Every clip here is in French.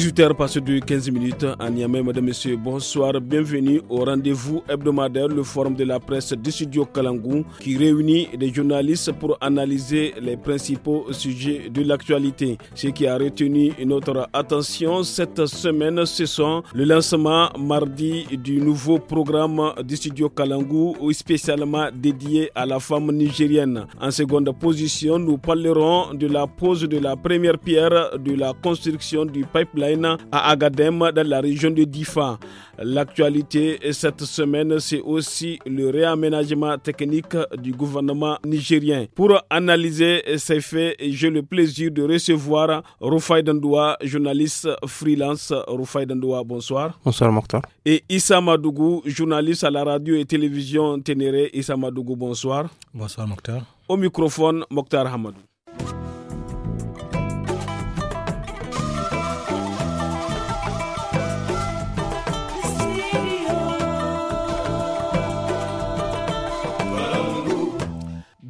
18h passé de 15 minutes à Niamey, Madame, messieurs, bonsoir, bienvenue au rendez-vous hebdomadaire, le forum de la presse du studio Kalangou, qui réunit des journalistes pour analyser les principaux sujets de l'actualité. Ce qui a retenu notre attention cette semaine, ce sont le lancement mardi du nouveau programme du studio Kalangou, spécialement dédié à la femme nigérienne. En seconde position, nous parlerons de la pose de la première pierre de la construction du pipeline à Agadem dans la région de Difa. L'actualité cette semaine, c'est aussi le réaménagement technique du gouvernement nigérien. Pour analyser ces faits, j'ai le plaisir de recevoir Rufai Dandoua, journaliste freelance. Rufai Dandoua, bonsoir. Bonsoir, Mokhtar. Et Issa Madougou, journaliste à la radio et télévision Ténéré. Issa Madougou, bonsoir. Bonsoir, Mokhtar. Au microphone, Mokhtar Hamadou.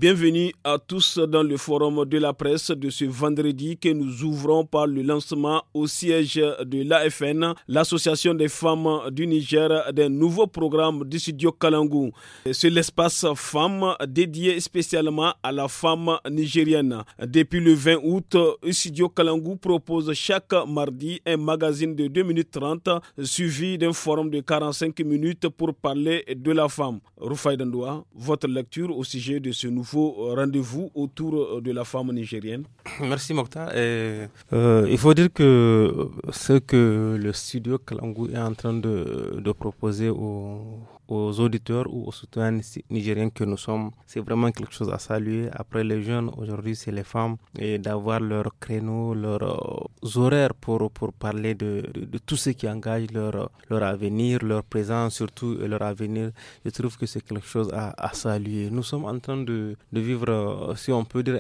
Bienvenue à tous dans le forum de la presse de ce vendredi que nous ouvrons par le lancement au siège de l'AFN, l'Association des femmes du Niger, d'un nouveau programme du studio Kalangou. C'est l'espace femmes dédié spécialement à la femme nigérienne. Depuis le 20 août, Studio Kalangou propose chaque mardi un magazine de 2 minutes 30 suivi d'un forum de 45 minutes pour parler de la femme. Rufai Dandoua, votre lecture au sujet de ce nouveau rendez-vous autour euh, de la femme nigérienne Merci Mokta. et euh, il faut dire que euh, ce que le studio Kalangu est en train de, de proposer au aux auditeurs ou aux citoyens nigériens que nous sommes. C'est vraiment quelque chose à saluer. Après les jeunes, aujourd'hui, c'est les femmes et d'avoir leurs créneaux, leurs horaires pour, pour parler de, de, tout ce qui engage leur, leur avenir, leur présence surtout et leur avenir. Je trouve que c'est quelque chose à, à, saluer. Nous sommes en train de, de vivre, euh, si on peut dire,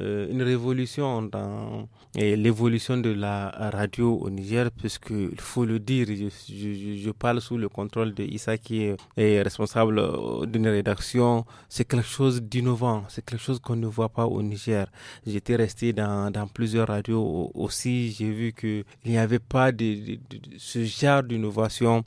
euh, une révolution dans l'évolution de la radio au Niger, puisque il faut le dire, je, je, je, parle sous le contrôle de Issa qui est et responsable euh, d'une rédaction, c'est quelque chose d'innovant, c'est quelque chose qu'on ne voit pas au Niger. J'étais resté dans, plusieurs radios aussi, j'ai vu qu'il n'y avait pas de, ce genre d'innovation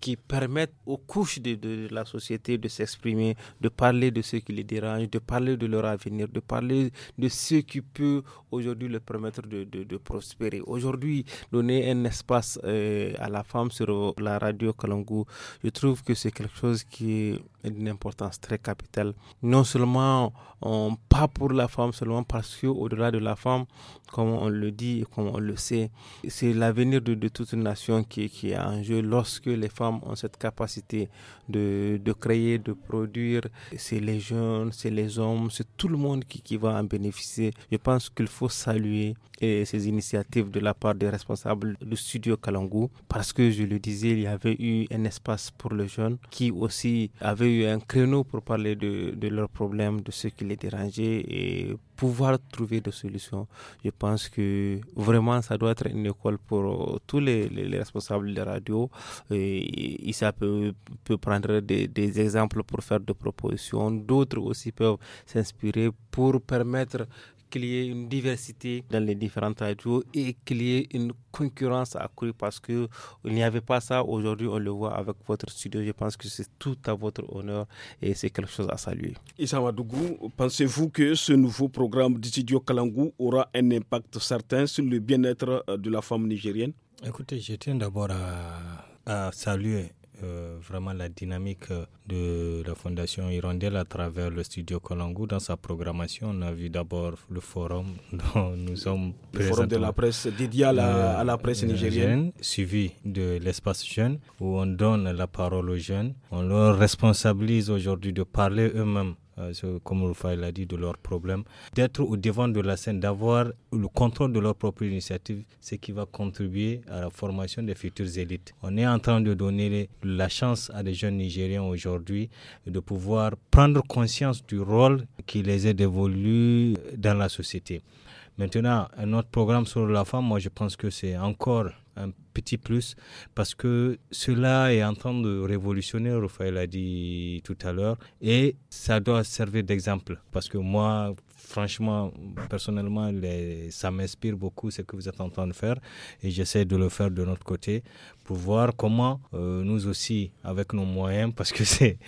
qui permette aux couches de, la société de s'exprimer, de parler de ce qui les dérange, de parler de leur avenir, de parler de ce qui peut aujourd'hui leur permettre de, prospérer. Aujourd'hui, donner un espace euh, à la femme sur euh, la radio Kalangu, je trouve que c'est quelque chose qui est d'une importance très capitale. Non seulement pas pour la femme seulement, parce qu'au-delà de la femme, comme on le dit, comme on le sait, c'est l'avenir de, toute une nation qui, qui, est en jeu lorsque les femmes ont cette capacité de, de créer, de produire. C'est les jeunes, c'est les hommes, c'est tout le monde qui, qui va en bénéficier. Je pense qu'il faut saluer ces initiatives de la part des responsables du studio Kalangu parce que je le disais, il y avait eu un espace pour le jeune qui aussi avait eu un créneau pour parler de, leurs problèmes, de ce qui les dérangeait et pouvoir trouver des solutions. Je pense que vraiment, ça doit être une école pour euh, tous les, responsables de radio. Et, ça peut, prendre des, des, exemples pour faire des propositions. D'autres aussi peuvent s'inspirer pour permettre qu'il y ait une diversité dans les différents radios et qu'il y ait une concurrence accrue parce que il n'y avait pas ça. Aujourd'hui, on le voit avec votre studio. Je pense que c'est tout à votre honneur et c'est quelque chose à saluer. Issa pensez-vous que ce nouveau programme du studio Kalangou aura un impact certain sur le bien-être de la femme nigérienne Écoutez, je tiens d'abord à saluer euh, vraiment la dynamique euh, de la Fondation Hirondelle à travers le studio Colangou. Dans sa programmation, on a vu d'abord le forum dont nous sommes Le forum de la presse dédié à la, à la presse nigérienne. Suivi de l'espace jeune où on donne la parole aux jeunes. On leur responsabilise aujourd'hui de parler eux-mêmes euh, comme Rufai l'a dit, de leurs problèmes, d'être au devant de la scène, d'avoir le contrôle de leur propre initiative, ce qui va contribuer à la formation des futures élites. On est en train de donner la chance à des jeunes Nigériens aujourd'hui de pouvoir prendre conscience du rôle qui les est dévolu dans la société. Maintenant, un autre programme sur la femme, moi je pense que c'est encore un petit plus parce que cela est en train de révolutionner, Raphaël a dit tout à l'heure, et ça doit servir d'exemple parce que moi, franchement, personnellement, ça m'inspire beaucoup ce que vous êtes en train de faire et j'essaie de le faire de notre côté pour voir comment euh, nous aussi, avec nos moyens, parce que c'est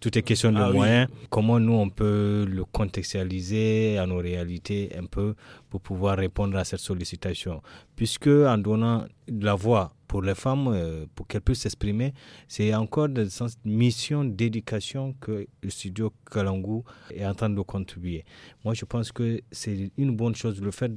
tout est question de ah moyens, comment nous on peut le contextualiser à nos réalités un peu pour pouvoir répondre à cette sollicitation. Puisque en donnant la voix pour les femmes, euh, pour qu'elles puissent s'exprimer. C'est encore une mission d'éducation que le studio Kalangu est en train de contribuer. Moi, je pense que c'est une bonne chose le fait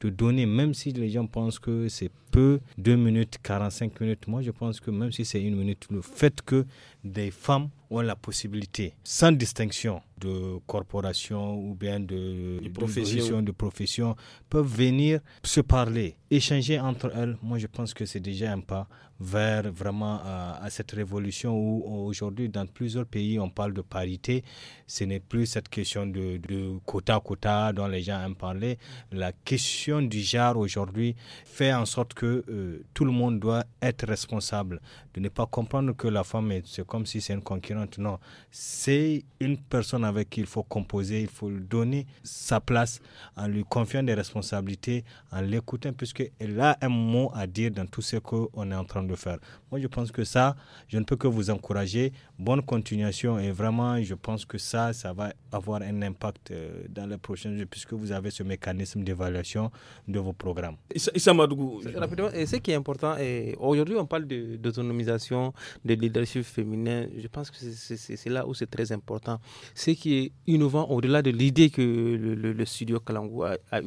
de donner, même si les gens pensent que c'est peu, 2 minutes, 45 minutes. Moi, je pense que même si c'est une minute, le fait que des femmes ont la possibilité, sans distinction de corporation ou bien de, de profession, de profession, peuvent venir se parler, échanger entre elles. Moi, je pense que c'est déjà un pas vers vraiment euh, à, cette révolution où aujourd'hui dans plusieurs pays on parle de parité. Ce n'est plus cette question de, de quota quota dont les gens aiment parler. La question du genre aujourd'hui fait en sorte que euh, tout le monde doit être responsable. De ne pas comprendre que la femme c'est comme si c'est une concurrente. Non, c'est une personne avec qui il faut composer, il faut lui donner sa place en lui confiant des responsabilités, en l'écoutant puisque elle a un mot à dire dans tout ce qu'on est en train de de faire. Moi, je pense que ça, je ne peux que vous encourager. Bonne continuation et vraiment, je pense que ça, ça va avoir un impact euh, dans les jours puisque vous avez ce mécanisme d'évaluation de vos programmes. Issa Madougou. Rapidement, et ce qui est important, aujourd'hui, on parle d'autonomisation, de, leadership féminin. Je pense que c'est là où c'est très important. Ce qui est innovant, au-delà de l'idée que le, studio Kalangou a, a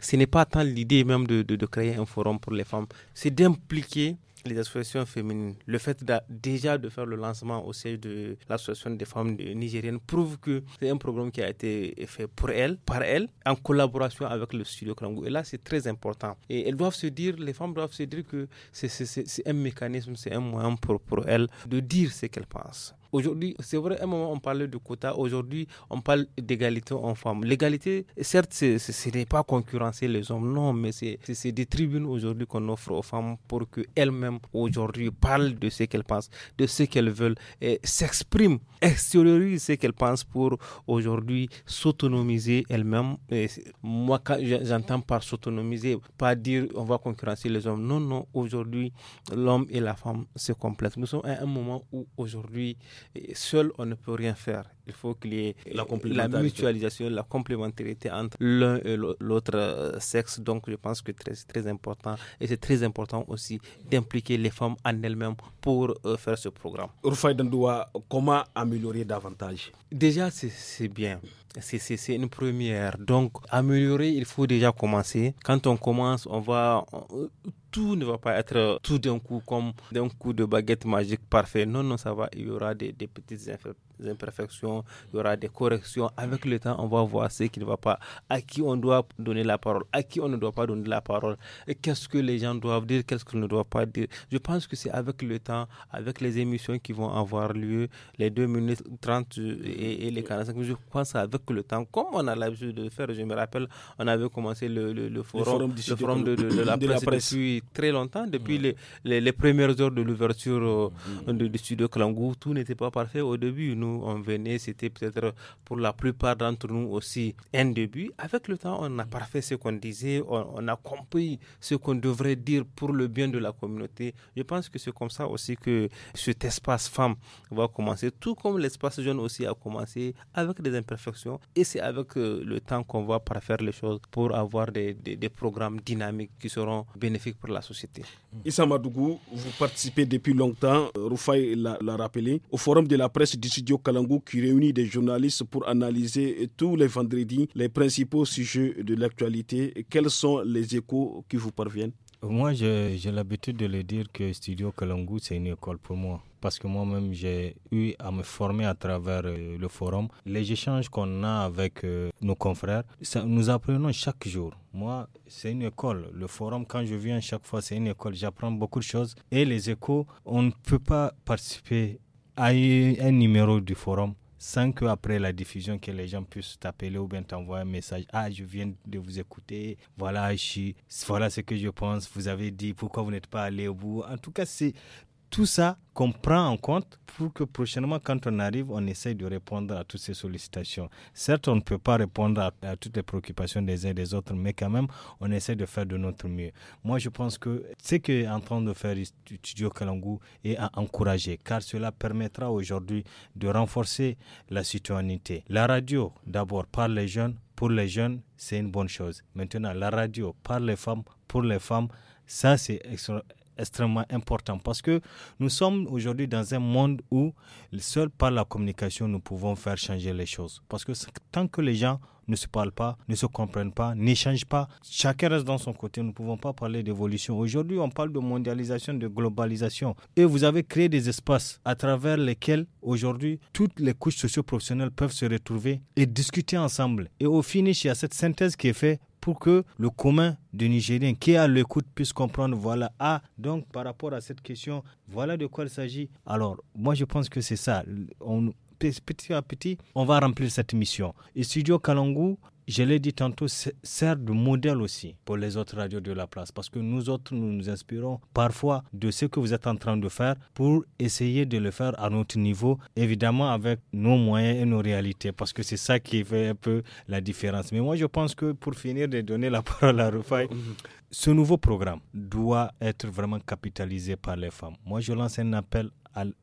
ce n'est pas tant l'idée même de, de créer un forum pour les femmes, c'est d'impliquer les associations féminines, le fait déjà de faire le lancement au siège de l'association des femmes nigériennes prouve que c'est un programme qui a été fait pour elles, par elles, en collaboration avec le studio Krango. Et là, c'est très important. Et elles doivent se dire, les femmes doivent se dire que c'est un mécanisme, c'est un moyen pour, pour elles de dire ce qu'elles pensent. Aujourd'hui, c'est vrai, à un moment, on parlait de quotas. Aujourd'hui, on parle d'égalité en femmes L'égalité, certes, ce n'est pas concurrencer les hommes, non, mais c'est des tribunes aujourd'hui qu'on offre aux femmes pour qu'elles-mêmes, aujourd'hui, parlent de ce qu'elles pensent, de ce qu'elles veulent, et s'expriment, extériorisent ce qu'elles pensent pour, aujourd'hui, s'autonomiser elles-mêmes. Moi, j'entends par s'autonomiser, pas dire on va concurrencer les hommes. Non, non, aujourd'hui, l'homme et la femme se complètent. Nous sommes à un moment où, aujourd'hui, seul, on ne peut rien faire. Il faut qu'il y ait la, mutualisation, la complémentarité entre l'un et l'autre euh, sexe. Donc, je pense que c'est très important. Et c'est très important aussi d'impliquer les femmes en elles-mêmes pour euh, faire ce programme. Rufai Dandoua, comment améliorer davantage Déjà, c'est bien. C'est une première. Donc, améliorer, il faut déjà commencer. Quand on commence, on va tout ne va pas être euh, tout d'un coup comme d'un coup de baguette magique parfait. Non, non, ça va, il y aura des, petites imperfections, il y aura des corrections. Avec le temps, on va voir ce qui ne va pas, à qui on doit donner la parole, à qui on ne doit pas donner la parole, qu'est-ce que les gens doivent dire, qu'est-ce qu'on ne doit pas dire. Je pense que c'est avec le temps, avec les émissions qui vont avoir lieu, les 2 minutes 30 et, les 45 minutes, je pense avec le temps, comme on a l'habitude de faire, je me rappelle, on avait commencé le, forum, de, la, presse depuis très longtemps, depuis les, premières heures de l'ouverture euh, mm. du studio Klangou, tout n'était pas parfait au début. Nous, on venait, c'était peut-être pour la plupart d'entre nous aussi un début. Avec le temps, on a parfait ce qu'on disait, on, a compris ce qu'on devrait dire pour le bien de la communauté. Je pense que c'est comme ça aussi que cet espace femme va commencer, tout comme l'espace jeune aussi a commencé avec des imperfections. Et c'est avec euh, le temps qu'on va parfaire les choses pour avoir des, programmes dynamiques qui seront bénéfiques pour la société. Issa Madougou, vous participez depuis longtemps, Roufaï l'a rappelé, au forum de la presse du studio Kalangu qui réunit des journalistes pour analyser tous les vendredis les principaux sujets de l'actualité. Quels sont les échos qui vous parviennent moi, j'ai l'habitude de le dire que Studio Kalangu, c'est une école pour moi. Parce que moi-même, j'ai eu à me former à travers euh, le forum. Les échanges qu'on a avec euh, nos confrères, ça, nous apprenons chaque jour. Moi, c'est une école. Le forum, quand je viens chaque fois, c'est une école. J'apprends beaucoup de choses. Et les échos, on ne peut pas participer a eu un numéro du forum sans qu'après la diffusion que les gens puissent t'appeler ou bien t'envoyer un message. Ah, je viens de vous écouter. Voilà, je suis, voilà ce que je pense. Vous avez dit pourquoi vous n'êtes pas allé au bout. En tout cas, c'est tout ça qu'on prend en compte pour que prochainement, quand on arrive, on essaye de répondre à toutes ces sollicitations. Certes, on ne peut pas répondre à, toutes les préoccupations des uns et des autres, mais quand même, on essaie de faire de notre mieux. Moi, je pense que ce qu'est en train de faire Studio Kalangu est à encourager, car cela permettra aujourd'hui de renforcer la citoyenneté. La radio, d'abord, par les jeunes, pour les jeunes, c'est une bonne chose. Maintenant, la radio, par les femmes, pour les femmes, ça, c'est extrêmement important parce que nous sommes aujourd'hui dans un monde où seul par la communication nous pouvons faire changer les choses. Parce que tant que les gens ne se parlent pas, ne se comprennent pas, n'échangent pas. Chacun reste dans son côté. Nous ne pouvons pas parler d'évolution. Aujourd'hui, on parle de mondialisation, de globalisation. Et vous avez créé des espaces à travers lesquels, aujourd'hui, toutes les couches socio-professionnelles peuvent se retrouver et discuter ensemble. Et au finish, il y a cette synthèse qui est faite pour que le commun du Nigérien qui a l'écoute puisse comprendre, voilà, ah, donc par rapport à cette question, voilà de quoi il s'agit. Alors, moi je pense que c'est ça. On, petit à petit, on va remplir cette mission. Et Studio Kalangu je l'ai dit tantôt, sert de modèle aussi pour les autres radios de la place. Parce que nous autres, nous nous inspirons parfois de ce que vous êtes en train de faire pour essayer de le faire à notre niveau, évidemment avec nos moyens et nos réalités. Parce que c'est ça qui fait un peu la différence. Mais moi, je pense que pour finir de donner la parole à Rufai, ce nouveau programme doit être vraiment capitalisé par les femmes. Moi, je lance un appel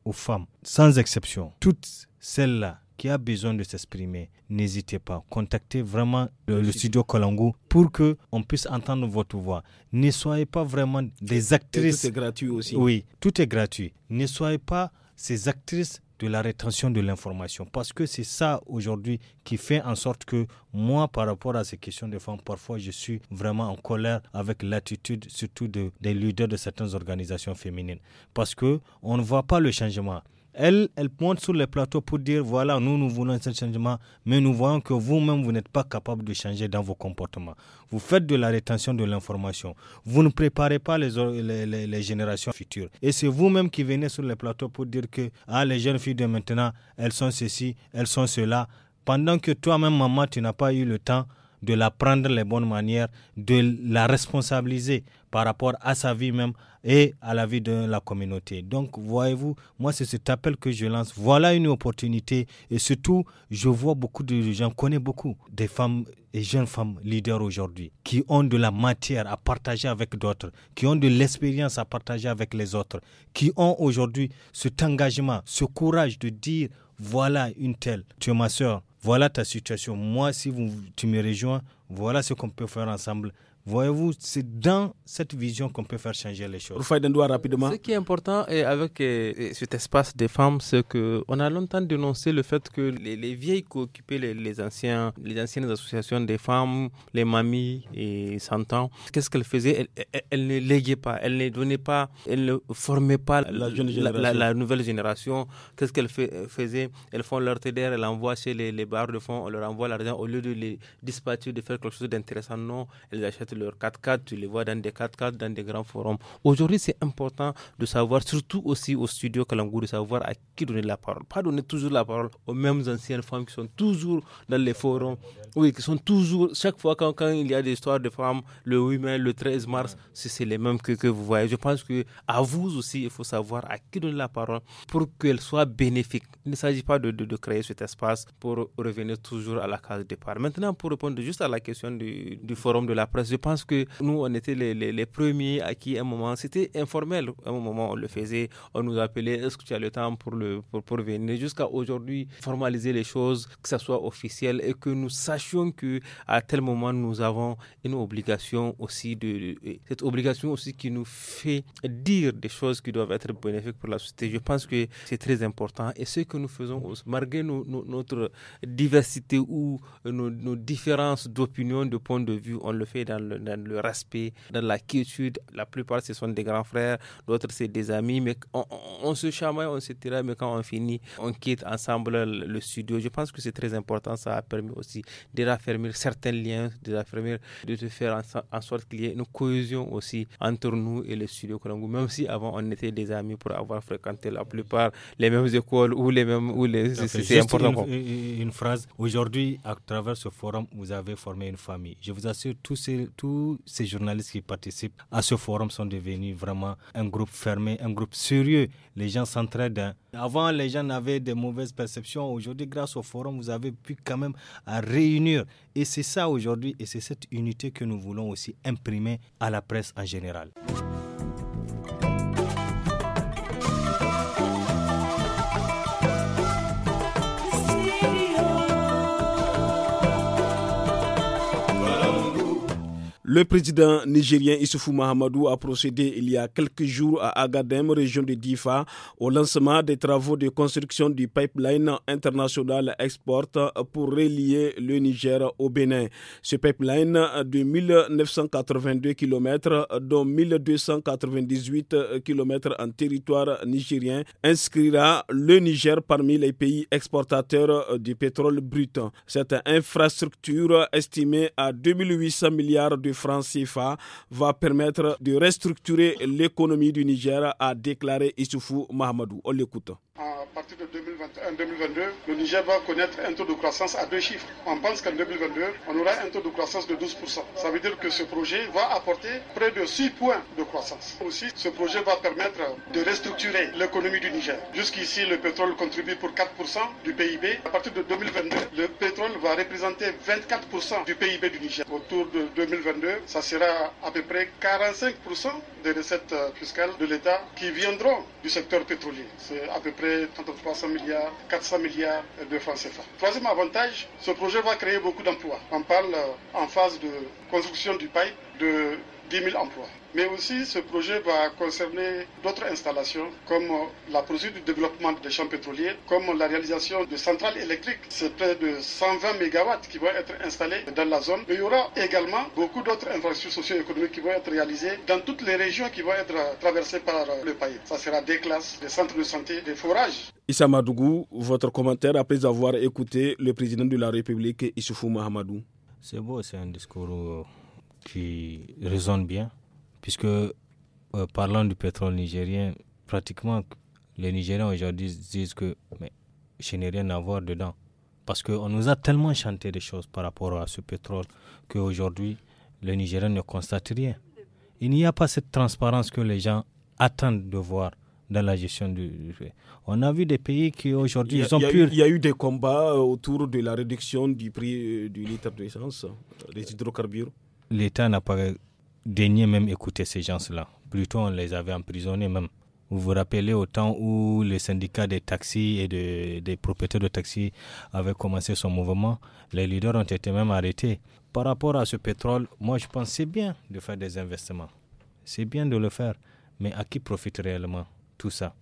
aux femmes, sans exception. Toutes celles-là qui a besoin de s'exprimer, n'hésitez pas. Contactez vraiment euh, le, studio Kolangou pour que on puisse entendre votre voix. Ne soyez pas vraiment des actrices. Et tout est gratuit aussi. Oui, tout est gratuit. Ne soyez pas ces actrices de la rétention de l'information. Parce que c'est ça aujourd'hui qui fait en sorte que moi, par rapport à ces questions de femmes, parfois je suis vraiment en colère avec l'attitude surtout des leaders de certaines organisations féminines. Parce que on ne voit pas le changement. Elle, elle monte sur les plateaux pour dire voilà, nous, nous voulons ce changement, mais nous voyons que vous-même, vous, n'êtes pas capable de changer dans vos comportements. Vous faites de la rétention de l'information. Vous ne préparez pas les, générations futures. Et c'est vous-même qui venez sur les plateaux pour dire que ah, les jeunes filles de maintenant, elles sont ceci, elles sont cela. Pendant que toi-même, maman, tu n'as pas eu le temps de la prendre les bonnes manières, de la responsabiliser par rapport à sa vie même et à la vie de la communauté. Donc, voyez-vous, moi, c'est cet appel que je lance. Voilà une opportunité. Et surtout, je vois beaucoup de gens, connais beaucoup des femmes et jeunes femmes leaders aujourd'hui qui ont de la matière à partager avec d'autres, qui ont de l'expérience à partager avec les autres, qui ont aujourd'hui cet engagement, ce courage de dire, voilà une telle, tu es ma soeur, voilà ta situation. Moi, si vous, tu me rejoins, voilà ce qu'on peut faire ensemble. Voyez-vous, c'est dans cette vision qu'on peut faire changer les choses. rapidement. Ce qui est important et avec cet espace des femmes, c'est qu'on a longtemps dénoncé le fait que les, vieilles qui occupaient les, anciens, les anciennes associations des femmes, les mamies et cent ans, qu'est-ce qu'elles faisaient elles, ne léguaient pas, elles ne donnaient pas, elles ne formaient pas la, la, nouvelle génération. Qu'est-ce qu'elles faisaient Elles font leur TDR, elles l'envoient chez les, les barres de fonds, on leur envoie l'argent au lieu de les dispatcher, de faire quelque chose d'intéressant. Non, elles achètent leurs 4x4, tu les vois dans des 4x4, dans des grands forums. Aujourd'hui, c'est important de savoir, surtout aussi au studio Kalangou, de savoir à qui donner la parole. Pas donner toujours la parole aux mêmes anciennes femmes qui sont toujours dans les forums, oui, qui sont toujours, chaque fois quand, il y a des histoires de femmes, le 8 mai, le 13 mars, c'est les mêmes que, que vous voyez. Je pense que à vous aussi, il faut savoir à qui donner la parole pour qu'elle soit bénéfique. Il ne s'agit pas de, de, créer cet espace pour revenir toujours à la case départ. Maintenant, pour répondre juste à la question du, du forum de la presse, je pense que nous, on était les, les, premiers à qui, à un moment, c'était informel. À un moment, on le faisait, on nous appelait, est-ce que tu as le temps pour, le, pour, pour venir Jusqu'à aujourd'hui, formaliser les choses, que ça soit officiel et que nous sachions qu'à que à tel moment nous avons une obligation aussi de, cette obligation aussi qui nous fait dire des choses qui doivent être bénéfiques pour la société. Je pense que c'est très important et ce que nous faisons malgré notre diversité ou nos, différences d'opinion, de point de vue, on le fait dans le, dans le respect, dans la quiétude. La plupart ce sont des grands frères, d'autres c'est des amis, mais on, se chamaille, on se tire, mais quand on finit, on quitte ensemble le studio. Je pense que c'est très important, ça a permis aussi de raffermir certains liens, de raffermir, de faire en, sorte qu'il y ait une cohésion aussi entre nous et le studio Colombo, Même si avant on était des amis pour avoir fréquenté la plupart les mêmes écoles ou les mêmes. Ou les, c'est important. Une, une phrase. Aujourd'hui, à travers ce forum, vous avez formé une famille. Je vous assure, tous ces, tous ces journalistes qui participent à ce forum sont devenus vraiment un groupe fermé, un groupe sérieux les gens s'entraident. Hein. Avant, les gens avaient des mauvaises perceptions. Aujourd'hui, grâce au forum, vous avez pu quand même réunir. Et c'est ça aujourd'hui, et c'est cette unité que nous voulons aussi imprimer à la presse en général. Le président nigérien Issoufou Mahamadou a procédé il y a quelques jours à Agadem, région de Difa, au lancement des travaux de construction du pipeline international export pour relier le Niger au Bénin. Ce pipeline de 1982 km, dont 1298 km en territoire nigérien, inscrira le Niger parmi les pays exportateurs du pétrole brut. Cette infrastructure estimée à 2800 milliards de France CFA va permettre de restructurer l'économie du Niger, a déclaré Issoufou Mahamadou. On l'écoute. À partir de 2021-2022, euh, le Niger va connaître un taux de croissance à deux chiffres. On pense qu'en 2022, on aura un taux de croissance de 12%. Ça veut dire que ce projet va apporter près de 6 points de croissance. Aussi, ce projet va permettre de restructurer l'économie du Niger. Jusqu'ici, le pétrole contribue pour 4% du PIB. À partir de 2022, le pétrole va représenter 24% du PIB du Niger. Autour de 2022, ça sera à peu près 45% des recettes euh, fiscales de l'État qui viendront du secteur pétrolier. C'est à peu près 300 milliards, 400 milliards de francs CFA. Troisième avantage, ce projet va créer beaucoup d'emplois. On parle euh, en phase de construction du pipe de 10 000 emplois. Mais aussi, ce projet va concerner d'autres installations comme la poursuite du développement des champs pétroliers, comme la réalisation de centrales électriques. C'est près de 120 mégawatts qui vont être installés dans la zone. Mais il y aura également beaucoup d'autres infrastructures socio-économiques qui vont être réalisées dans toutes les régions qui vont être traversées par le pays. Ça sera des classes, des centres de santé, des forages. Issa Madougou, votre commentaire après avoir écouté le président de la République, Issoufou Mahamadou. C'est beau, c'est un discours euh, qui résonne bien, puisque euh, parlant du pétrole nigérien, pratiquement les Nigériens aujourd'hui disent que mais, je n'ai rien à voir dedans. Parce qu'on nous a tellement chanté des choses par rapport à ce pétrole qu'aujourd'hui, les Nigériens ne constatent rien. Il n'y a pas cette transparence que les gens attendent de voir dans la gestion du. On a vu des pays qui aujourd'hui ils ont pu. Il y a eu des combats autour de la réduction du prix euh, du litre d'essence, euh, des hydrocarbures l'État n'a pas daigné même écouter ces gens-là. Plutôt, on les avait emprisonnés même. Vous vous rappelez au temps où le syndicat des taxis et des propriétaires de taxis avaient commencé son mouvement, les leaders ont été même arrêtés. Par rapport à ce pétrole, moi je pense c'est bien de faire des investissements. C'est bien de le faire, mais à qui profite réellement tout ça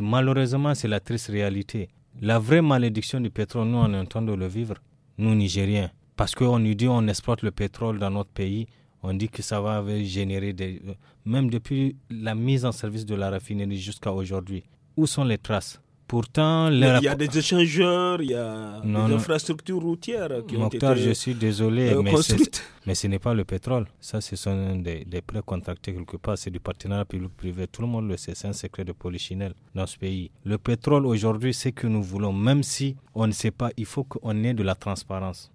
Malheureusement, c'est la triste réalité. La vraie malédiction du pétrole, nous, on est en train de le vivre, nous, Nigériens parce qu'on nous dit on exploite le pétrole dans notre pays, on dit que ça va générer des... Même depuis la mise en service de la raffinerie jusqu'à aujourd'hui, où sont les traces Pourtant, il y a des échangeurs, il y a des infrastructures routières qui ont été je suis désolé, euh, mais, mais, ce n'est pas le pétrole. Ça, ce sont des, des prêts contractés quelque part. C'est du partenariat public-privé. Tout le monde le sait. C'est un secret de polichinelle dans ce pays. Le pétrole, aujourd'hui, c'est que nous voulons. Même si on ne sait pas, il faut qu'on ait de la transparence.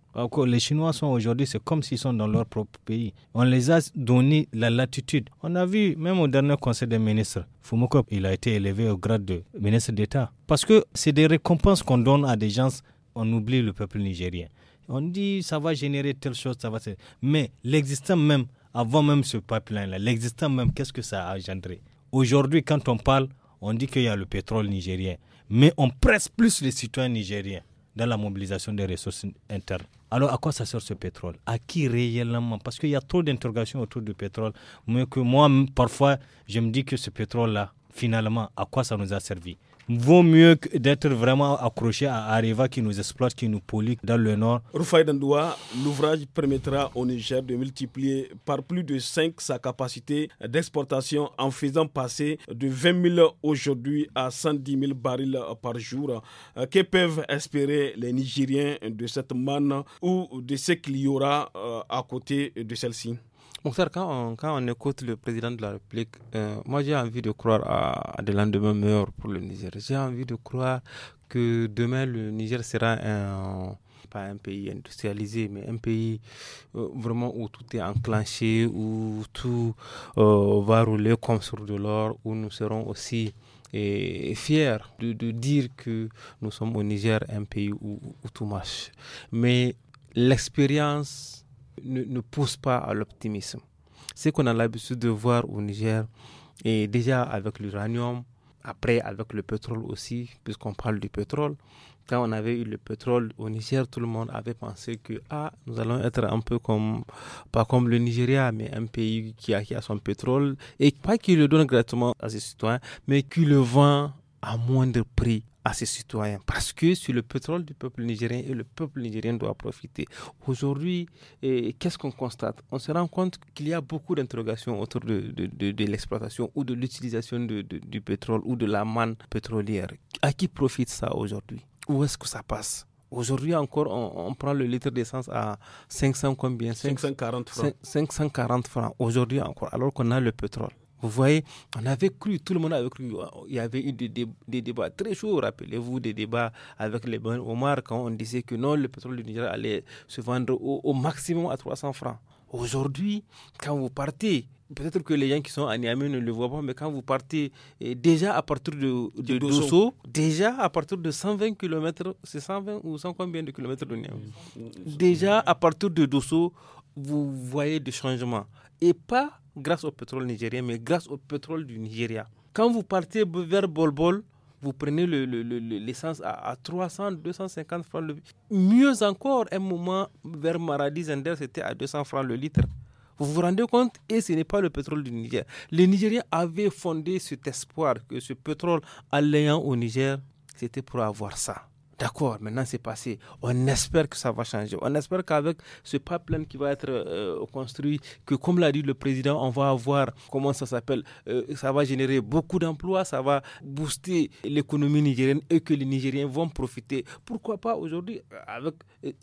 Les Chinois sont aujourd'hui, c'est comme s'ils sont dans leur propre pays. On les a donné la latitude. On a vu, même au dernier conseil des ministres, Fumoko, il a été élevé au grade de ministre d'État. Parce que c'est des récompenses qu'on donne à des gens, on oublie le peuple nigérien. On dit, ça va générer telle chose, ça va... Mais l'existant même, avant même ce pipeline-là, l'existant même, qu'est-ce que ça a engendré Aujourd'hui, quand on parle, on dit qu'il y a le pétrole nigérien, mais on presse plus les citoyens nigériens dans la mobilisation des ressources internes. Alors à quoi ça sert ce pétrole À qui réellement Parce qu'il y a trop d'interrogations autour du pétrole. Mais que moi, parfois, je me dis que ce pétrole-là, finalement, à quoi ça nous a servi Vaut mieux d'être vraiment accroché à Areva qui nous exploite, qui nous pollue dans le nord. Rufai l'ouvrage permettra au Niger de multiplier par plus de 5 sa capacité d'exportation en faisant passer de 20 000 aujourd'hui à 110 000 barils par jour. Euh, que peuvent espérer les Nigériens de cette manne ou de ce qu'il y aura euh, à côté de celle-ci mon quand on, quand on écoute le président de la République, euh, moi j'ai envie de croire à, des lendemains meilleurs pour le Niger. J'ai envie de croire que demain le Niger sera un pas un pays industrialisé, mais un pays euh, vraiment où tout est enclenché, où tout euh, va rouler comme sur de l'or, où nous serons aussi fiers de, dire que nous sommes au Niger un pays où tout marche. Mais l'expérience ne, pousse pas à l'optimisme. Ce qu'on a l'habitude de voir au Niger, et déjà avec l'uranium, après avec le pétrole aussi, puisqu'on parle du pétrole, quand on avait eu le pétrole au Niger, tout le monde avait pensé que ah, nous allons être un peu comme, pas comme le Nigeria, mais un pays qui a, qui a son pétrole, et pas qui le donne gratuitement à ses citoyens, mais qui le vend à moindre prix à ses citoyens. Parce que c'est le pétrole du peuple nigérien et le peuple nigérien doit profiter. Aujourd'hui, qu'est-ce qu'on constate On se rend compte qu'il y a beaucoup d'interrogations autour de, de, l'exploitation ou de l'utilisation du pétrole ou de la manne pétrolière. À qui profite ça aujourd'hui Où est-ce que ça passe Aujourd'hui encore, on, on, prend le litre d'essence à 500 combien 540 francs. 540 francs aujourd'hui encore, alors qu'on a le pétrole. Vous voyez, on avait cru, tout le monde avait cru. Il y avait eu des, débats très chauds, rappelez-vous, des débats avec les bonnes Omar quand on disait que non, le pétrole du Niger allait se vendre au, maximum à 300 francs. Aujourd'hui, quand vous partez, peut-être que les gens qui sont à Niamey ne le voient pas, mais quand vous partez eh, déjà à partir de, de, déjà à partir de 120 km, c'est 120 ou 100 combien de kilomètres de Niamey Déjà à partir de Dosso, vous voyez des changements. Et pas grâce au pétrole nigérien, mais grâce au pétrole du Nigeria. Quand vous partez vers Bolbol, vous prenez l'essence à, 300, 250 francs le litre. Mieux encore, un moment, vers Maradi c'était à 200 francs le litre. Vous vous rendez compte Et ce n'est pas le pétrole du Niger. Les Nigériens avaient fondé cet espoir que ce pétrole allant au Niger, c'était pour avoir ça. D'accord, maintenant c'est passé. On espère que ça va changer. On espère qu'avec ce pipeline qui va être euh, construit, que comme l'a dit le président, on va avoir, comment ça s'appelle, euh, ça va générer beaucoup d'emplois, ça va booster l'économie nigérienne et que les Nigériens vont profiter. Pourquoi pas aujourd'hui, avec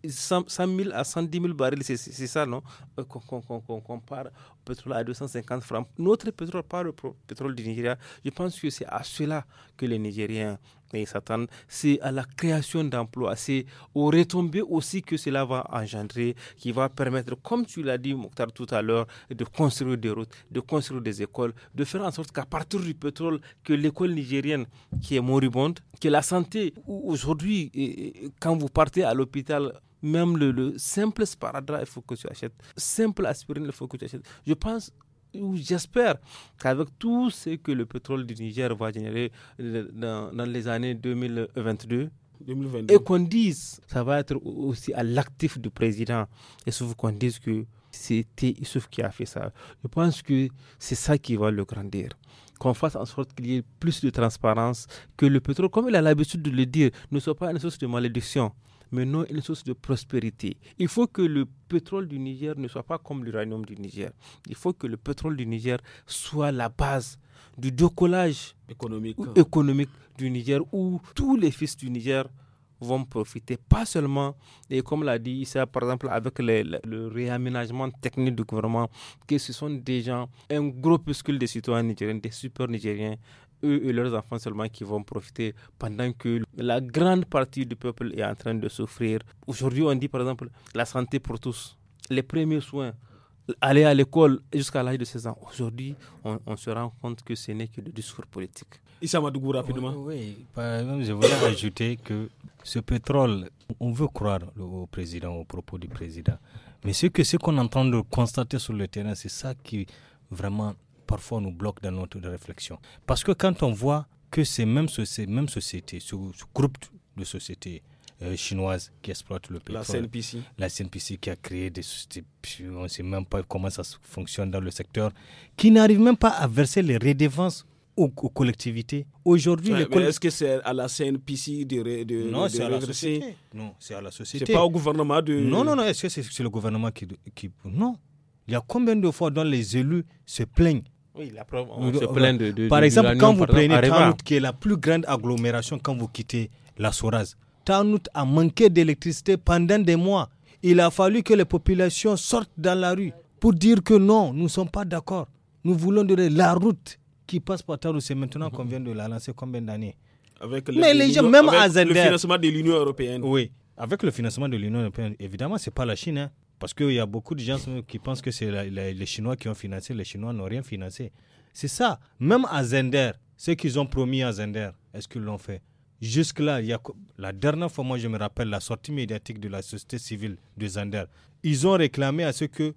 100 euh, 000 à 110 000 barils, c'est ça, non Qu'on compare le pétrole à 250 francs. Notre pétrole, pas le pétrole du Nigeria, je pense que c'est à cela que les Nigériens et s'attendre, c'est à la création d'emplois, c'est aux retombées aussi que cela va engendrer, qui va permettre, comme tu l'as dit Mokhtar tout à l'heure, de construire des routes, de construire des écoles, de faire en sorte qu'à partir du pétrole, que l'école nigérienne qui est moribonde, que la santé, aujourd'hui, quand vous partez à l'hôpital, même le, le, simple sparadrap, il faut que tu achètes. Simple aspirine, il faut que tu achètes. Je pense j'espère qu'avec tout ce que le pétrole du Niger va générer dans, les années 2022, et qu'on dise, ça va être aussi à l'actif du président, et sauf qu'on dise que c'était Issouf qui a fait ça. Je pense que c'est ça qui va le grandir. Qu'on fasse en sorte qu'il y ait plus de transparence, que le pétrole, comme il a l'habitude de le dire, ne soit pas une source de malédiction mais une source de prospérité. Il faut que le pétrole du Niger ne soit pas comme l'uranium du Niger. Il faut que le pétrole du Niger soit la base du décollage économique, du Niger où tous les fils du Niger vont profiter, pas seulement, et comme l'a dit Issa, par exemple, avec le, réaménagement technique du gouvernement, que ce sont des gens, un gros puscule de citoyens nigériens, des super nigériens, eux et leurs enfants seulement qui vont profiter pendant que la grande partie du peuple est en train de souffrir. Aujourd'hui, on dit par exemple la santé pour tous, les premiers soins, aller à l'école jusqu'à l'âge de 16 ans. Aujourd'hui, on, se rend compte que ce n'est que le discours politique. Issa Madougou, rapidement. Oui, par exemple, je voulais ajouter que ce pétrole, on veut croire au président, au propos du président. Mais ce que ce qu'on train de constater sur le terrain, c'est ça qui vraiment parfois nous bloque dans notre réflexion. Parce que quand on voit que ces mêmes, ces mêmes sociétés, ce, groupe de sociétés euh, chinoises qui exploitent le pétrole, la CNPC, qui a créé des sociétés, on ne sait même pas comment ça fonctionne dans le secteur, qui n'arrive même pas à verser les redevances aux, collectivités. Aujourd'hui, est-ce que c'est à la CNPC de, non, c'est à la société. Non, c'est à la société. pas au gouvernement de. Non, non, non. Est-ce que c'est le gouvernement qui, qui, non Il y a combien de fois dont les élus se plaignent oui, la preuve, on se plaint de, Par exemple, quand vous prenez Tanout, qui est la plus grande agglomération quand vous quittez la Soraz, Tanout a manqué d'électricité pendant des mois. Il a fallu que les populations sortent dans la rue pour dire que non, nous ne sommes pas d'accord. Nous voulons donner la route qui passe par Tanout. C'est maintenant qu'on vient de la lancer combien d'années avec Mais les même le financement de l'Union européenne. Oui, avec le financement de l'Union européenne, évidemment, ce n'est pas la Chine. Hein. Parce qu'il y a beaucoup de gens qui pensent que c'est les Chinois qui ont financé. Les Chinois n'ont rien financé. C'est ça. Même à Zender, ce qu'ils ont promis à Zender, est-ce qu'ils l'ont fait Jusque-là, il y a... la dernière fois, moi je me rappelle la sortie médiatique de la société civile de Zender. Ils ont réclamé à ce que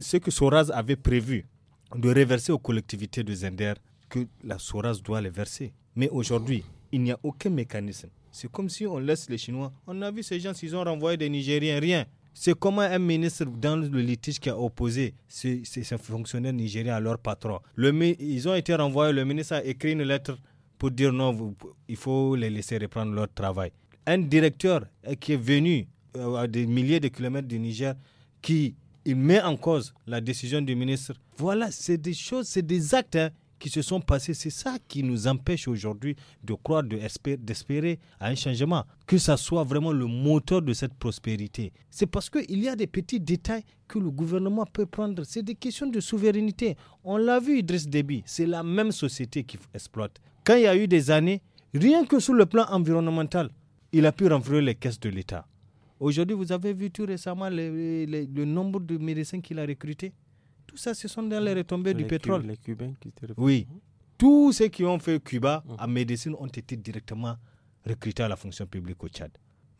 ce que Soraz avait prévu de reverser aux collectivités de Zender, que la Soraz doit les verser. Mais aujourd'hui, il n'y a aucun mécanisme. C'est comme si on laisse les Chinois. On a vu ces gens, s'ils ont renvoyé des Nigériens, rien. C'est comment un ministre dans le litige qui a opposé ces, fonctionnaires nigériens à leur patron. Le, ils ont été renvoyés, le ministre a écrit une lettre pour dire non, il faut les laisser reprendre leur travail. Un directeur qui est venu euh, à des milliers de kilomètres du Niger qui il met en cause la décision du ministre. Voilà, c'est des choses, c'est des actes. Hein qui se sont passés, C'est ça qui nous empêche aujourd'hui de croire, d'espérer à un changement, que ça soit vraiment le moteur de cette prospérité. C'est parce qu'il y a des petits détails que le gouvernement peut prendre. C'est des questions de souveraineté. On l'a vu, Idriss Déby, c'est la même société qui exploite. Quand il y a eu des années, rien que sur le plan environnemental, il a pu renflouer les caisses de l'État. Aujourd'hui, vous avez vu tout récemment le nombre de médecins qu'il a recrutés. Tout ça, ce sont dans les retombées du pétrole. les Cubains qui étaient Oui. Tous ceux qui ont fait Cuba à mm. en médecine ont été directement recrutés à la fonction publique au Tchad.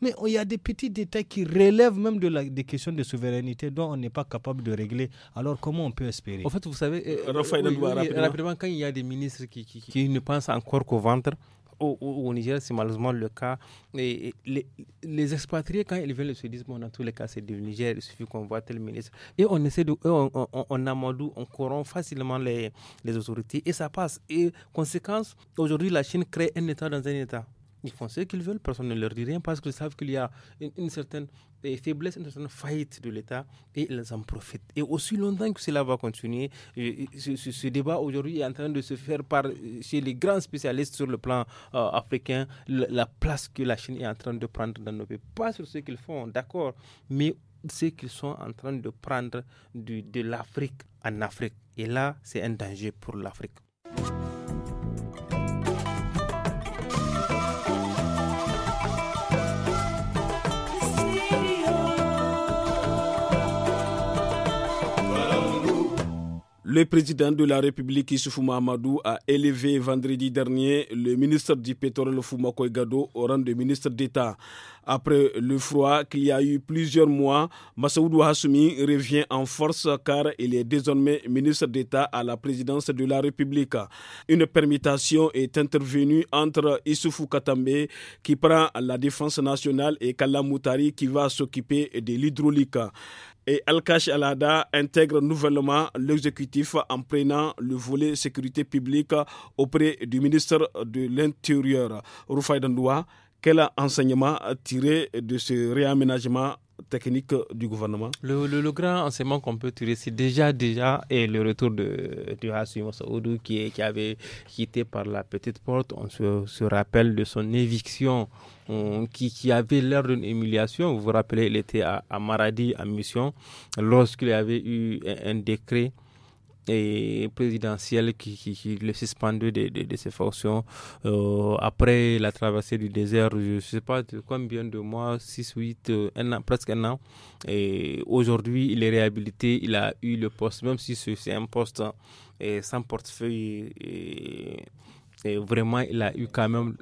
Mais il y a des petits détails qui relèvent même de la, des questions de souveraineté dont on n'est pas capable de régler. Alors comment on peut espérer En fait, vous savez, euh, rapidement. quand il y a des ministres qui ne pensent encore qu'au ventre, au, Niger, c'est malheureusement le cas. les, expatriés, quand ils viennent, ils se disent bon, dans tous les cas, c'est du Niger, il suffit qu'on voit tel ministre. Et on essaie de. On, on, on corrompt facilement les, autorités et ça passe. Et conséquence, aujourd'hui, la Chine crée un État dans un État ils font ce qu'ils veulent, personne ne leur dit rien parce qu'ils savent qu'il y a une certaine les faiblesses une faillite de l'État et ils en profitent. Et aussi longtemps que cela va continuer, ce, débat aujourd'hui est en train de se faire par, chez les grands spécialistes sur le plan euh, africain, la place que la Chine est en train de prendre dans nos pays. Pas sur ce qu'ils font, d'accord, mais ce qu'ils sont en train de prendre de l'Afrique en Afrique. Et là, c'est un danger pour l'Afrique. Le président de la République Issoufou Mahamadou a élevé vendredi dernier le ministre du pétrole Fumako Egado au rang de ministre d'État. Après le froid qu'il y a eu plusieurs mois, Massoudou Hassoumi revient en force car il est désormais ministre d'État à la présidence de la République. Une permutation est intervenue entre Issoufou Katambe qui prend la défense nationale et Moutari qui va s'occuper de l'hydraulique et Al-Kash al intègre nouvellement l'exécutif en prenant le volet sécurité publique auprès du ministre de l'Intérieur, Rufai Dandoua. Quel enseignement tiré de ce réaménagement technique du gouvernement Le, grand enseignement qu'on peut tirer, c'est déjà, déjà et le retour de, Hassim Hassou qui, qui avait quitté par la petite porte. On se, rappelle de son éviction hum, qui, avait l'air d'une humiliation. Vous vous rappelez, il était à, à Maradi en mission lorsqu'il y avait eu un décret et présidentielle qui, qui, le suspendait de, de, ses fonctions euh, après la traversée du désert, je ne sais pas combien de mois, 6, 8, euh, un an, presque un an. Et aujourd'hui, il est réhabilité, il a eu le poste, même si c'est un poste hein, et sans portefeuille. Et, vraiment, il a eu quand même,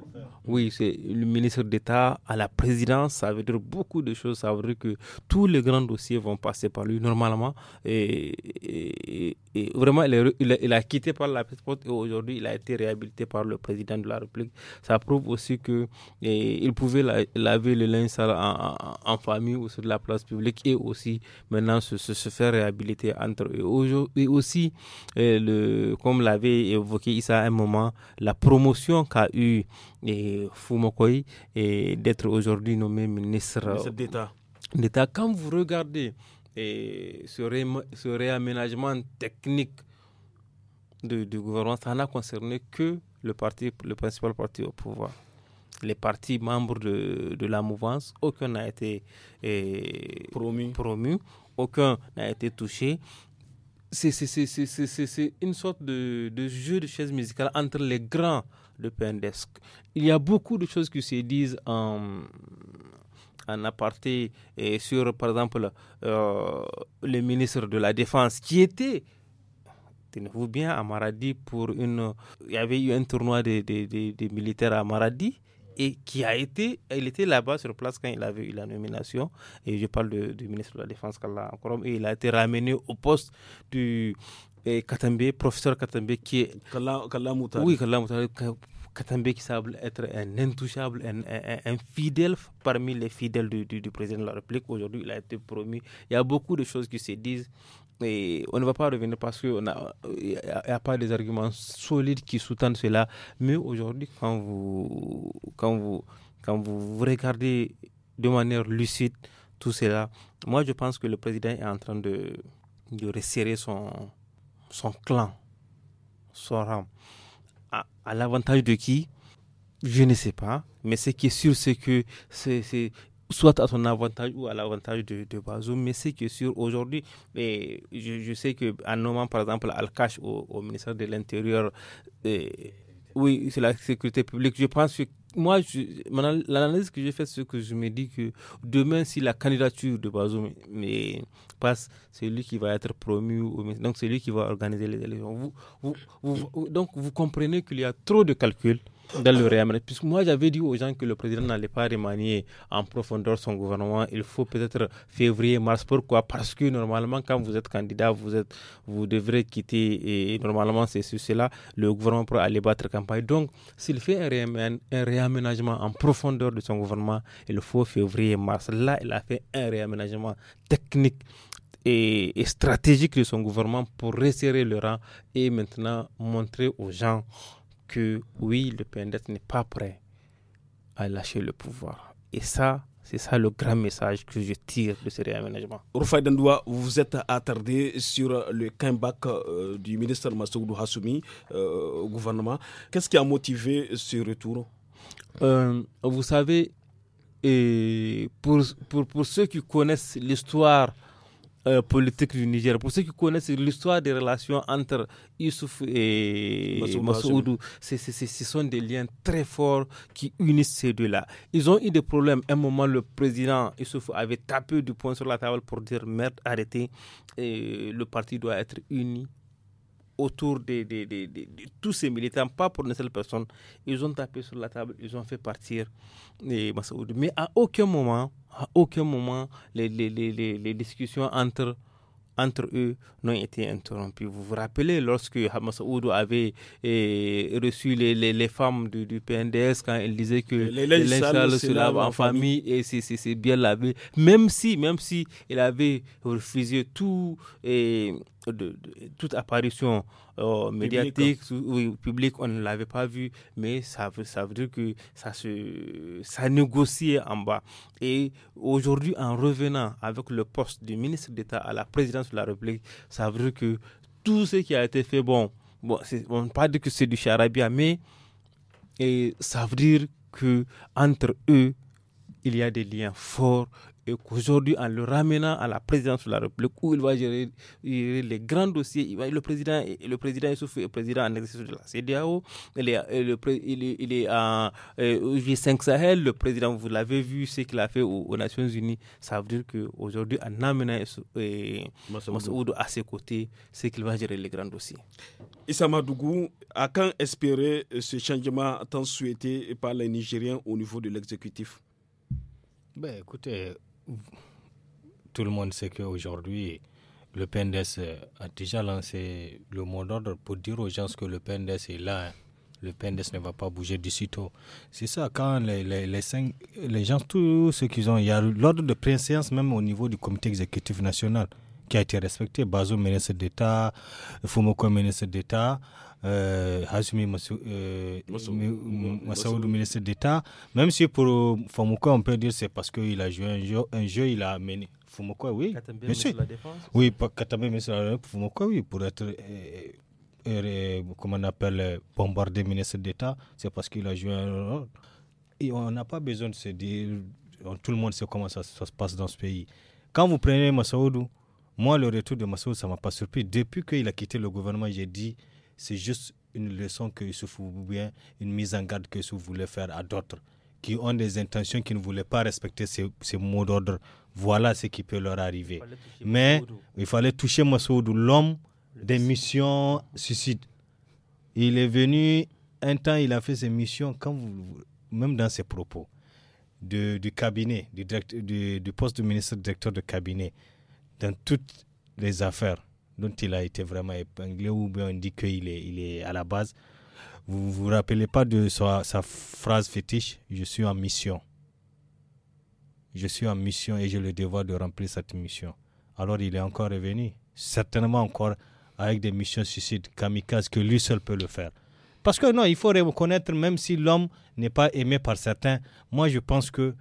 oui, c'est le ministre d'État à la présidence, ça veut dire beaucoup de choses, ça veut dire que tous les grands dossiers vont passer par lui normalement. et, et vraiment, il, a, quitté par la petite porte et aujourd'hui, il a été réhabilité par le président de la République. Ça prouve aussi que eh, il pouvait laver le linge en, famille ou sur la place publique et aussi maintenant se, se, faire réhabiliter entre eux. Et aussi, eh, le, comme l'avait évoqué Issa à un moment, la promotion qu'a eu eh, Fumokoi et d'être aujourd'hui nommé ministre D'État, quand vous regardez et ce, réaménagement technique du, gouvernance gouvernement, ça n'a concerné que le, parti, le principal parti au pouvoir. Les partis membres de, la mouvance, aucun n'a été eh, promu. aucun n'a été touché c'est une sorte de, jeu de chaise musicale entre les grands de Pendesk. Il y a beaucoup de choses qui se disent en, en aparté et sur, par exemple, euh, le ministre de la Défense qui était, tenez-vous bien, à Maradi pour une. Il y avait eu un tournoi des militaires à Maradi et qui a été, il était là-bas sur place quand il avait eu la nomination, et je parle du ministre de la Défense, Kalla et il a été ramené au poste du, professeur Katambe, qui est. Kala, Oui, Kala qui semble être un intouchable, un, fidèle parmi les fidèles du, président de la République. Aujourd'hui, il a été promis. Il y a beaucoup de choses qui se disent. Et on ne va pas revenir parce qu'il n'y a, pas des arguments solides qui soutiennent cela. Mais aujourd'hui, quand vous, quand, vous, quand vous regardez de manière lucide tout cela, moi je pense que le président est en train de, resserrer son, son clan, son rang à, l'avantage de qui Je ne sais pas. Mais ce qui est sûr, c'est que c'est soit à son avantage ou à l'avantage de, de Bazoum, mais c'est est sûr aujourd'hui, je, je sais qu'en nommant par exemple Al-Kash au, au, ministère de l'Intérieur, euh, oui, c'est la sécurité publique, je pense que moi, l'analyse que j'ai faite, c'est que je me dis que demain, si la candidature de Bazoum passe, c'est lui qui va être promu, donc c'est lui qui va organiser les élections. Vous, donc vous comprenez qu'il y a trop de calculs dans le réaménager. Puisque moi, j'avais dit aux gens que le président n'allait pas remanier en profondeur son gouvernement. Il faut peut-être février, mars. Pourquoi Parce que normalement, quand vous êtes candidat, vous, êtes, vous devrez quitter. Et normalement, c'est sur cela le gouvernement pourra aller battre campagne. Donc, s'il fait un, un, réaménagement en profondeur de son gouvernement, il faut février, mars. Là, il a fait un réaménagement technique et, stratégique de son gouvernement pour resserrer le rang et maintenant montrer aux gens que oui, le PNDS n'est pas prêt à lâcher le pouvoir. Et ça, c'est ça le grand message que je tire de ce réaménagement. Rufai Dandoua, vous êtes attardé sur le comeback euh, du ministre Massoudou Hassoumi euh, au gouvernement. Qu'est-ce qui a motivé ce retour euh, Vous savez, et pour, pour, pour, ceux qui connaissent l'histoire euh, politique du Niger. Pour ceux qui connaissent l'histoire des relations entre Youssouf et Massoudou, ce sont des liens très forts qui unissent ces deux-là. Ils ont eu des problèmes. À un moment, le président Youssouf avait tapé du poing sur la table pour dire merde, arrêtez, et le parti doit être uni autour de, tous ces militants, pas pour une seule personne. Ils ont tapé sur la table, ils ont fait partir les eh, Mais à aucun moment, à aucun moment, les, les, discussions entre entre eux n'ont été interrompues Vous vous rappelez lorsque Hamas avait eh, reçu les, femmes du, du, PNDS quand il disait que les se en famille, et c'est bien lavé, même si, même si il avait refusé tout. Et, eh, de, toute apparition euh, médiatique ou publique, on ne l'avait pas vu, mais ça, ça veut dire que ça, se, ça négociait en bas. Et aujourd'hui, en revenant avec le poste du ministre d'État à la présidence de la République, ça veut dire que tout ce qui a été fait, bon, on ne pas dire que c'est du charabia, mais et ça veut dire que entre eux, il y a des liens forts et qu'aujourd'hui, en le ramenant à la présidence de la République, où il va gérer, les grands dossiers, le président, le président est président en exercice de la CDAO, euh, il est, en euh, G5 Sahel, le président, vous l'avez vu, ce qu'il a fait aux, Nations Unies, ça veut dire qu'aujourd'hui, en amenant euh, M. à ses côtés, c'est qu'il va gérer les grands dossiers. Issa Madougou, à quand espérer ce changement tant souhaité par les Nigériens au niveau de l'exécutif ben, écoutez, tout le monde sait qu'aujourd'hui, le PNDS a déjà lancé le mot d'ordre pour dire aux gens que le PNDS est là. Le PNDS ne va pas bouger d'ici tôt. C'est ça, quand les, les, gens, tous ceux qu'ils ont, il y a l'ordre de préséance même au niveau du comité exécutif national qui a été respecté. Bazo, ministre d'État, Fumoko, ministre d'État, euh, monsieur ministre d'État. Même si pour Foumouka on peut dire c'est parce qu'il a joué un jeu, un jeu il a amené Fumoko, oui. monsieur Oui, oui, pour être. Euh, euh, euh, comment on appelle, bombardé ministre d'État, c'est parce qu'il a joué un rôle. Et on n'a pas besoin de se dire, tout le monde sait comment ça, ça se passe dans ce pays. Quand vous prenez Massaoudou, moi, le retour de Massaoudou, ça ne m'a pas surpris. Depuis qu'il a quitté le gouvernement, j'ai dit, c'est juste une leçon que Youssouf bien une mise en garde que vous voulait faire à d'autres qui ont des intentions qui ne voulaient pas respecter ces, ces mots d'ordre. Voilà ce qui peut leur arriver. Mais il fallait toucher Massoudou, l'homme des missions suicides. Il est venu, un temps, il a fait ses missions, quand même dans ses propos, du cabinet, du poste de ministre directeur de cabinet, dans toutes les affaires dont il a été vraiment épinglé, ou bien on dit qu'il est, il est à la base. Vous ne vous rappelez pas de sa, phrase fétiche Je suis en mission. Je suis en mission et j'ai le devoir de remplir cette mission. Alors il est encore revenu, certainement encore avec des missions suicides, kamikazes, que lui seul peut le faire. Parce que non, il faut reconnaître, même si l'homme n'est pas aimé par certains, moi je pense que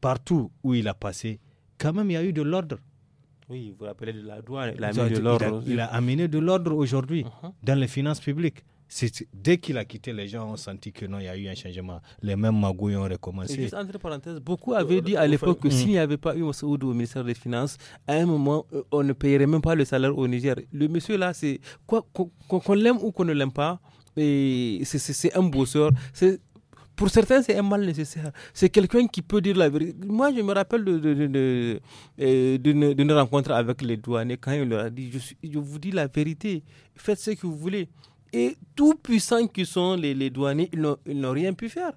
partout où il a passé, quand même il y a eu de l'ordre. Oui, vous rappelez de la douane, il a, amené de l'ordre. Il, a amené de l'ordre aujourd'hui uh-huh. dans les finances publiques. Dès qu'il a quitté, les gens ont senti que non, il y a eu un changement. Les mêmes magouilles ont recommencé. juste entre parenthèses, beaucoup avaient euh, dit à l'époque que mm. s'il n'y avait pas eu Oudou au ministère des Finances, à un moment, euh, on ne payerait même pas le salaire au Niger. Le monsieur là, c'est quoi qu'on l'aime ou qu'on ne l'aime pas, c'est un bosseur. C'est pour certains, c'est un mal nécessaire. C'est quelqu'un qui peut dire la vérité. Moi, je me rappelle d'une de, de, de, euh, rencontre avec les douaniers quand il leur a dit je, vous dis la vérité, faites ce que vous voulez. Et tout puissant qui sont les, les douaniers, ils n'ont rien pu faire.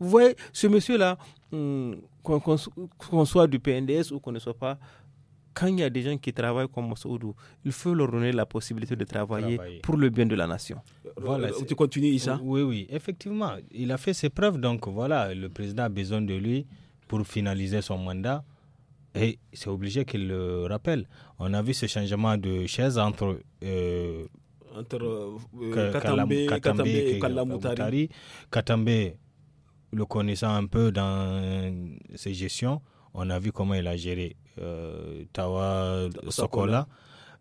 Vous voyez, ce monsieur-là, hmm, qu'on soit du PNDS ou qu'on ne soit pas quand il y a des gens qui travaillent comme Mossoudou, il faut leur donner la possibilité de travailler, pour le bien de la nation. Voilà, tu continues, Issa Oui, oui, effectivement. Il a fait ses preuves, donc voilà, le président a besoin de lui pour finaliser son mandat. Et c'est obligé qu'il le rappelle. On a vu ce changement de chaise entre. Euh, entre euh, Katambe, Katambe, le connaissant un peu dans ses gestions, on a vu comment il a géré euh, Tawa Sokola.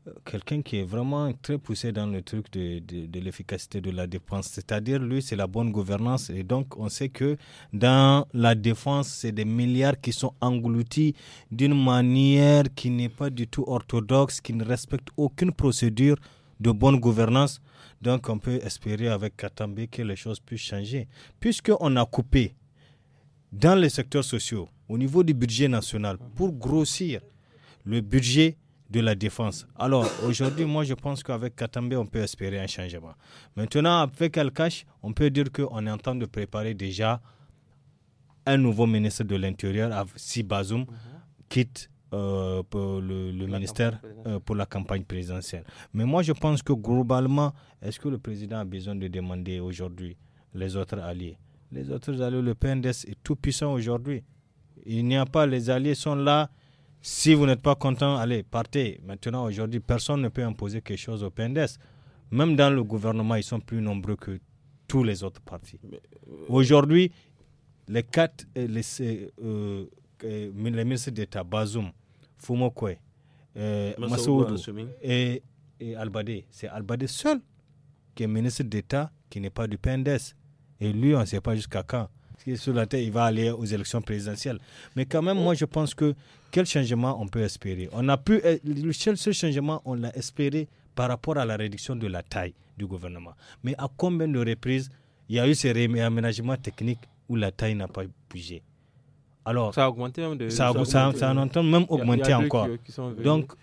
Euh, quelqu'un qui est vraiment très poussé dans le truc de, l'efficacité de la dépense. C'est-à-dire, lui, c'est la bonne gouvernance. Et donc, on sait que dans la défense, c'est des milliards qui sont engloutis d'une manière qui n'est pas du tout orthodoxe, qui ne respecte aucune procédure de bonne gouvernance. Donc, on peut espérer avec Katambe que les choses puissent changer. Puisqu'on a coupé dans les secteurs sociaux, au niveau du budget national, pour grossir le budget de la défense. Alors aujourd'hui, moi je pense qu'avec Katambe, on peut espérer un changement. Maintenant, avec Alcash, on peut dire qu'on est en train de préparer déjà un nouveau ministre de l'Intérieur, si Bazoum quitte euh, le, ministère euh, pour la campagne présidentielle. Mais moi je pense que globalement, est-ce que le président a besoin de demander aujourd'hui les autres alliés les autres alliés, le PNDS est tout puissant aujourd'hui. Il n'y a pas, les alliés sont là. Si vous n'êtes pas content, allez, partez. Maintenant, aujourd'hui, personne ne peut imposer quelque chose au PNDS. Même dans le gouvernement, ils sont plus nombreux que tous les autres partis. Euh, aujourd'hui, les quatre euh, euh, les, ministres d'État, Bazoum, Fumokwe, et, et Albade, c'est Albade seul qui est ministre d'État qui n'est pas du PNDS. Et lui, on ne sait pas jusqu'à quand. Sur la tête, il va aller aux élections présidentielles. Mais quand même, moi, je pense que quel changement on peut espérer On a pu, eh, le seul changement, on l'a espéré par rapport à la réduction de la taille du gouvernement. Mais à combien de reprises il y a eu ces aménagements techniques où la taille n'a pas bougé Alors, ça a augmenté même de, ça, ça, ça, même augmenté encore. Euh, Donc,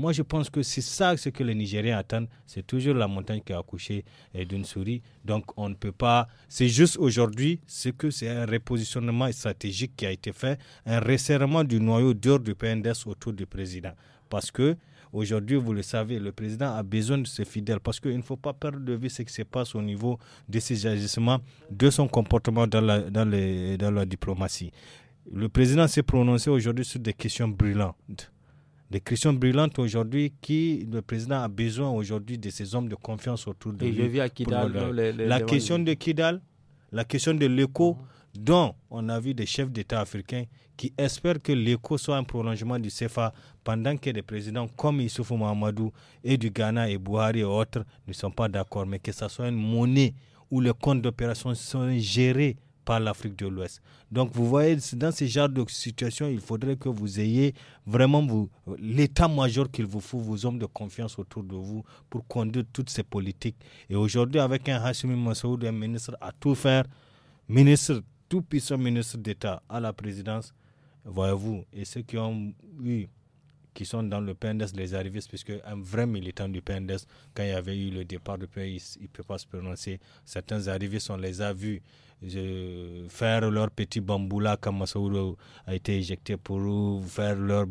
moi, je pense que c'est ça ce que les Nigériens attendent. C'est toujours la montagne qui a accouché eh, d'une souris. Donc, on ne peut pas. C'est juste aujourd'hui c'est que c'est un repositionnement stratégique qui a été fait, un resserrement du noyau dur du PNDS autour du président. Parce que Aujourd'hui, vous le savez, le président a besoin de ses fidèles parce qu'il ne faut pas perdre de vue ce qui se passe au niveau de ses agissements, de son comportement dans la, dans la diplomatie. Le président s'est prononcé aujourd'hui sur des questions brûlantes des questions brûlantes aujourd'hui qui le président a besoin aujourd'hui de ces hommes de confiance autour de lui. la question de Kidal, la question de l'écho, mhm. dont on a vu des chefs d'État africains qui espèrent que l'écho soit un prolongement du CFA pendant que des présidents comme Issoufou Mahamadou et du Ghana et Bouhari et autres ne sont pas d'accord, mais que ça soit une monnaie où les comptes d'opération sont gérés par l'Afrique de l'Ouest. Donc vous voyez, dans ce genre de situation, il faudrait que vous ayez vraiment l'état-major qu'il vous faut, vos hommes de confiance autour de vous pour conduire toutes ces politiques. Et aujourd'hui, avec un Rassemblement Massoud, un ministre à tout faire, ministre, tout puissant ministre d'État à la présidence, voyez-vous, et ceux qui ont eu qui sont dans le PNDES, les arrivistes, puisque un vrai militant du PNDES, quand il y avait eu le départ du pays, il ne peut pas se prononcer. Certains arrivistes, on les a vus faire leur petit bambou là quand Massaoudou a été éjecté pour faire leur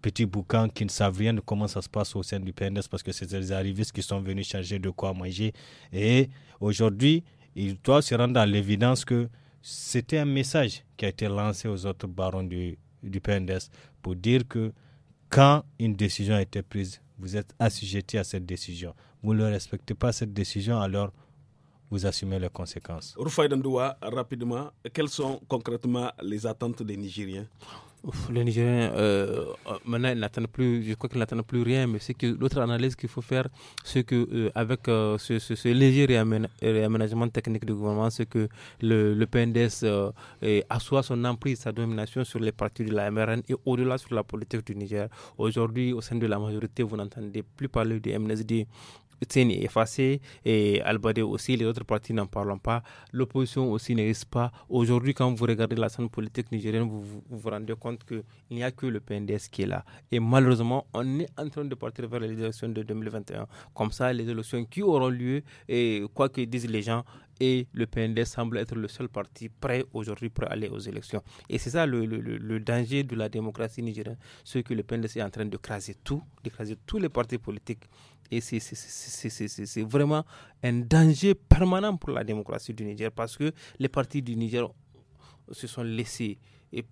petit boucan qui ne savent rien de comment ça se passe au sein du PNDS parce que c'est des arrivistes qui sont venus changer de quoi manger. Et aujourd'hui, ils doivent se rendre à l'évidence que c'était un message qui a été lancé aux autres barons du, du pour dire que quand une décision a été prise, vous êtes assujetti à cette décision. Vous ne respectez pas cette décision, alors vous assumez les conséquences. Rufai Dandoua, rapidement, quelles sont concrètement les attentes des Nigériens Les Nigériens, euh, euh, maintenant, ils n'attendent plus, je crois qu'ils n'attendent plus rien, mais c'est que l'autre analyse qu'il faut faire, c'est que euh, avec ce, léger réaménagement, technique du gouvernement, c'est que le, le PNDS assoit son emprise, sa domination sur les partis de la MRN et au-delà sur la politique du Niger. Aujourd'hui, au sein de la majorité, vous n'entendez plus parler du MNSD, Tseni est effacé et Albade aussi, les autres partis n'en parlons pas. L'opposition aussi n'existe pas. Aujourd'hui, quand vous regardez la scène politique nigérienne, vous vous, rendez compte qu'il n'y a que le PNDS qui est là. Et malheureusement, on est en train de partir vers les élections de 2021. Comme ça, les élections qui auront lieu, et quoi que disent les gens, et le PND semble être le seul parti prêt aujourd'hui pour aller aux élections. Et c'est ça le, danger de la démocratie nigérienne, c'est que le PND est en train de craser tout, d'écraser tous les partis politiques. Et c'est vraiment un danger permanent pour la démocratie du Niger parce que les partis du Niger se sont laissés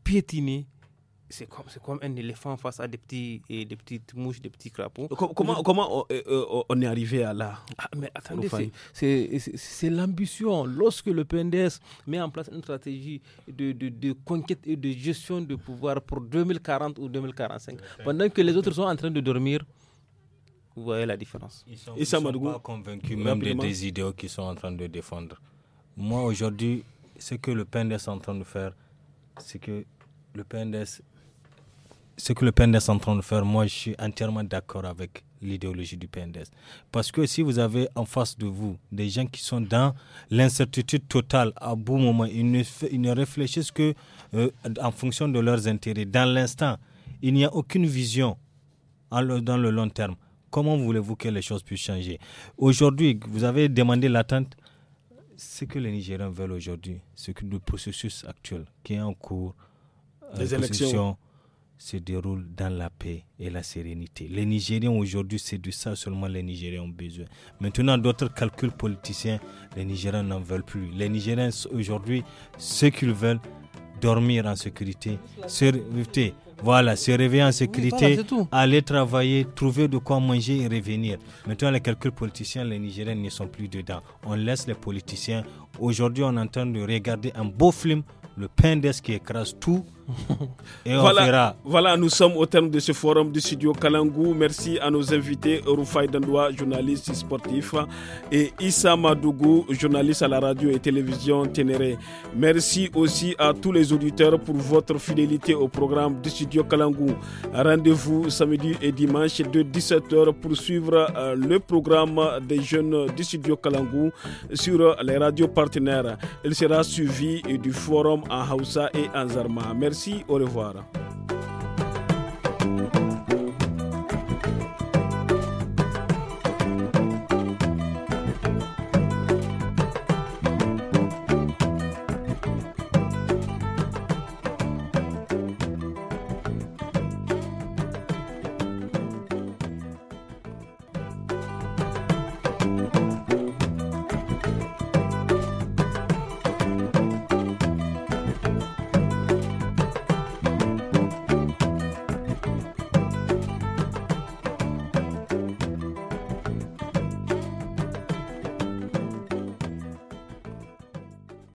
piétiner c'est comme, comme un éléphant face à des, petits, et des petites mouches, des petits crapauds. Comment, comment, euh, euh, on, est arrivé à là ah, Mais attendez, c'est l'ambition. Lorsque le PNDS met en place une stratégie de, de, conquête et de gestion de pouvoir pour 2040 ou 2045, pendant que les autres sont en train de dormir, vous voyez la différence. Ils ne sont, pas convaincus même des, des idéaux qu'ils sont en train de défendre. Moi, aujourd'hui, ce que le PNDS est en train de faire, c'est que le PNDS ce que le PNDES est en train de faire, moi, je suis entièrement d'accord avec l'idéologie du PNDES. Parce que si vous avez en face de vous des gens qui sont dans l'incertitude totale, à bout moment, ils ne, ils réfléchissent que euh, en fonction de leurs intérêts. Dans l'instant, il n'y a aucune vision dans le long terme. Comment voulez-vous que les choses puissent changer Aujourd'hui, vous avez demandé l'attente. Ce que les Nigériens veulent aujourd'hui, c'est que le processus actuel qui est en cours, euh, les élections se déroule dans la paix et la sérénité. Les Nigériens aujourd'hui, c'est de ça seulement les Nigériens ont besoin. Maintenant, d'autres calculs politiciens, les Nigériens n'en veulent plus. Les Nigériens aujourd'hui, ce qu'ils veulent, dormir en sécurité, se réveiller, voilà, se réveiller en sécurité, aller travailler, trouver de quoi manger et revenir. Maintenant, les calculs politiciens, les Nigériens ne sont plus dedans. On laisse les politiciens. Aujourd'hui, on est en train de regarder un beau film, le pain qui écrase tout voilà, voilà, nous sommes au terme de ce forum du studio Kalangou. Merci à nos invités, Rufai Dandoua, journaliste sportif, et Issa Madougou, journaliste à la radio et télévision Ténéré. Merci aussi à tous les auditeurs pour votre fidélité au programme du studio Kalangou. Rendez-vous samedi et dimanche de 17h pour suivre euh, le programme des jeunes du studio Kalangou sur les radios partenaires. Il sera suivi du forum en Hausa et en Zarma. Merci Merci, au revoir.